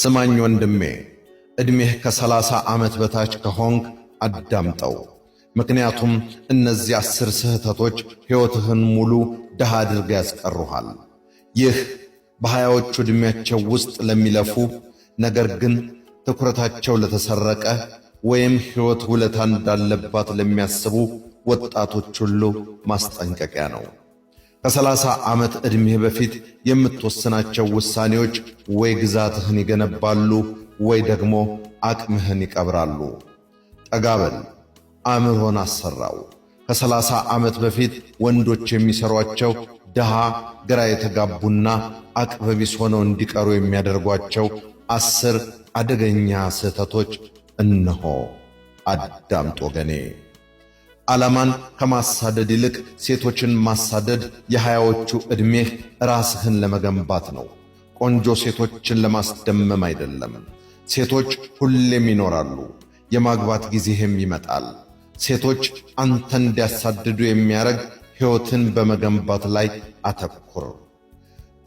ስማኝ ወንድሜ፣ ዕድሜህ ከሰላሳ ዓመት በታች ከሆንክ አዳምጠው። ምክንያቱም እነዚህ አስር ስህተቶች ሕይወትህን ሙሉ ድሃ አድርገ ያስቀሩሃል። ይህ በሀያዎቹ ዕድሜያቸው ውስጥ ለሚለፉ ነገር ግን ትኩረታቸው ለተሰረቀ ወይም ሕይወት ውለታ እንዳለባት ለሚያስቡ ወጣቶች ሁሉ ማስጠንቀቂያ ነው። ከሰላሳ ዓመት ዕድሜህ በፊት የምትወስናቸው ውሳኔዎች ወይ ግዛትህን ይገነባሉ ወይ ደግሞ አቅምህን ይቀብራሉ። ጠጋበል አምሮን አእምሮን አሰራው። ከሰላሳ ዓመት በፊት ወንዶች የሚሠሯቸው ድሃ ግራ የተጋቡና አቅበቢስ ሆነው እንዲቀሩ የሚያደርጓቸው አስር አደገኛ ስህተቶች እነሆ። አዳምጥ ወገኔ። ዓላማን ከማሳደድ ይልቅ ሴቶችን ማሳደድ የሃያዎቹ ዕድሜህ ራስህን ለመገንባት ነው። ቆንጆ ሴቶችን ለማስደመም አይደለም። ሴቶች ሁሌም ይኖራሉ፣ የማግባት ጊዜህም ይመጣል። ሴቶች አንተ እንዲያሳድዱ የሚያደርግ ሕይወትን በመገንባት ላይ አተኩር።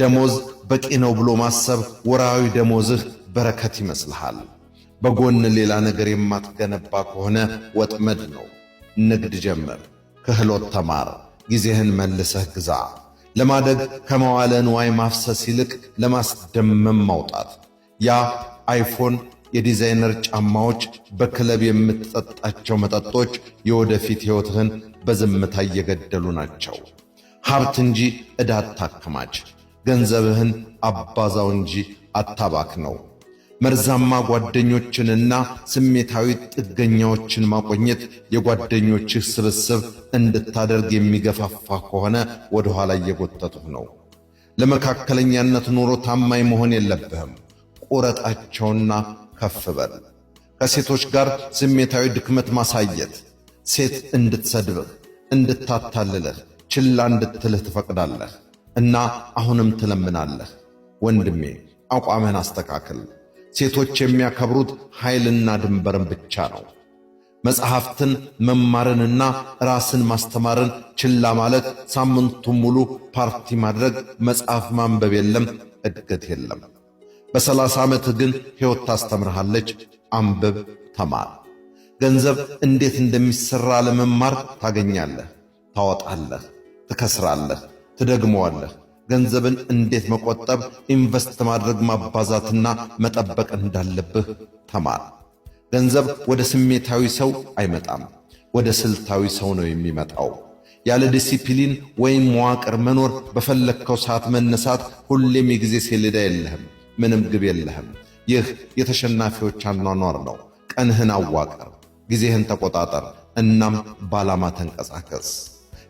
ደሞዝ በቂ ነው ብሎ ማሰብ ወራዊ ደሞዝህ በረከት ይመስልሃል። በጎን ሌላ ነገር የማትገነባ ከሆነ ወጥመድ ነው። ንግድ ጀምር፣ ክህሎት ተማር፣ ጊዜህን መልሰህ ግዛ። ለማደግ ከመዋለ ንዋይ ማፍሰስ ይልቅ ለማስደመም ማውጣት። ያ አይፎን፣ የዲዛይነር ጫማዎች፣ በክለብ የምትጠጣቸው መጠጦች የወደፊት ሕይወትህን በዝምታ እየገደሉ ናቸው። ሀብት እንጂ ዕዳ አታከማች። ገንዘብህን አባዛው እንጂ አታባክ ነው። መርዛማ ጓደኞችንና ስሜታዊ ጥገኛዎችን ማቆኘት የጓደኞችህ ስብስብ እንድታደርግ የሚገፋፋ ከሆነ ወደ ኋላ እየጎተቱህ ነው። ለመካከለኛነት ኑሮ ታማኝ መሆን የለብህም። ቁረጣቸውና ከፍ በል። ከሴቶች ጋር ስሜታዊ ድክመት ማሳየት ሴት እንድትሰድብህ፣ እንድታታልልህ፣ ችላ እንድትልህ ትፈቅዳለህ እና አሁንም ትለምናለህ። ወንድሜ አቋምህን አስተካክል። ሴቶች የሚያከብሩት ኃይልና ድንበርን ብቻ ነው። መጽሐፍትን መማርንና ራስን ማስተማርን ችላ ማለት፣ ሳምንቱን ሙሉ ፓርቲ ማድረግ፣ መጽሐፍ ማንበብ የለም፣ እድገት የለም። በሰላሳ ዓመት ግን ሕይወት ታስተምርሃለች። አንብብ፣ ተማር። ገንዘብ እንዴት እንደሚሠራ ለመማር ታገኛለህ፣ ታወጣለህ፣ ትከስራለህ፣ ትደግመዋለህ ገንዘብን እንዴት መቆጠብ፣ ኢንቨስት ማድረግ፣ ማባዛትና መጠበቅ እንዳለብህ ተማር። ገንዘብ ወደ ስሜታዊ ሰው አይመጣም፣ ወደ ስልታዊ ሰው ነው የሚመጣው። ያለ ዲሲፕሊን ወይም መዋቅር መኖር፣ በፈለግከው ሰዓት መነሳት፣ ሁሌም የጊዜ ሰሌዳ የለህም፣ ምንም ግብ የለህም። ይህ የተሸናፊዎች አኗኗር ነው። ቀንህን አዋቀር፣ ጊዜህን ተቆጣጠር፣ እናም ባላማ ተንቀሳቀስ።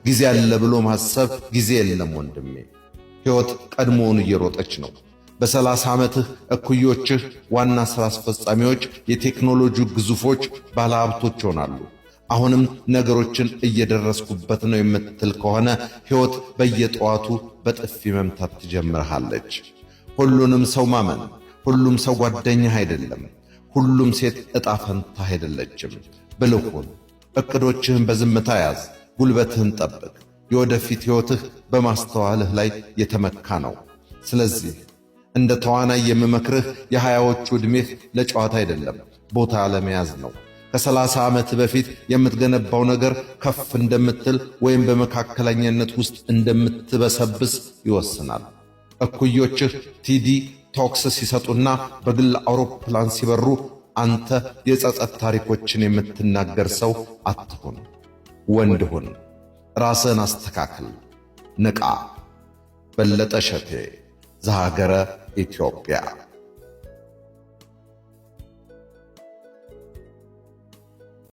ጊዜ አለ ብሎ ማሰብ ጊዜ የለም ወንድሜ። ሕይወት ቀድሞውን እየሮጠች ነው። በሰላሳ ዓመትህ እኩዮችህ ዋና ሥራ አስፈጻሚዎች፣ የቴክኖሎጂ ግዙፎች፣ ባለሀብቶች ይሆናሉ። አሁንም ነገሮችን እየደረስኩበት ነው የምትል ከሆነ ሕይወት በየጠዋቱ በጥፊ መምታት ትጀምርሃለች። ሁሉንም ሰው ማመን፣ ሁሉም ሰው ጓደኛህ አይደለም፣ ሁሉም ሴት ዕጣ ፈንታህ አይደለችም። ብልሁን እቅዶችህን በዝምታ ያዝ፣ ጉልበትህን ጠብቅ። የወደፊት ሕይወትህ በማስተዋልህ ላይ የተመካ ነው። ስለዚህ እንደ ተዋናይ የምመክርህ የሀያዎቹ ዕድሜህ ለጨዋታ አይደለም፣ ቦታ ለመያዝ ነው። ከሰላሳ ዓመት በፊት የምትገነባው ነገር ከፍ እንደምትል ወይም በመካከለኛነት ውስጥ እንደምትበሰብስ ይወስናል። እኩዮችህ ቲዲ ቶክስ ሲሰጡና በግል አውሮፕላን ሲበሩ አንተ የጸጸት ታሪኮችን የምትናገር ሰው አትሁን፣ ወንድ ሁን። ራስን አስተካክል፣ ንቃ። በለጠ ሸቴ ዘሀገረ ኢትዮጵያ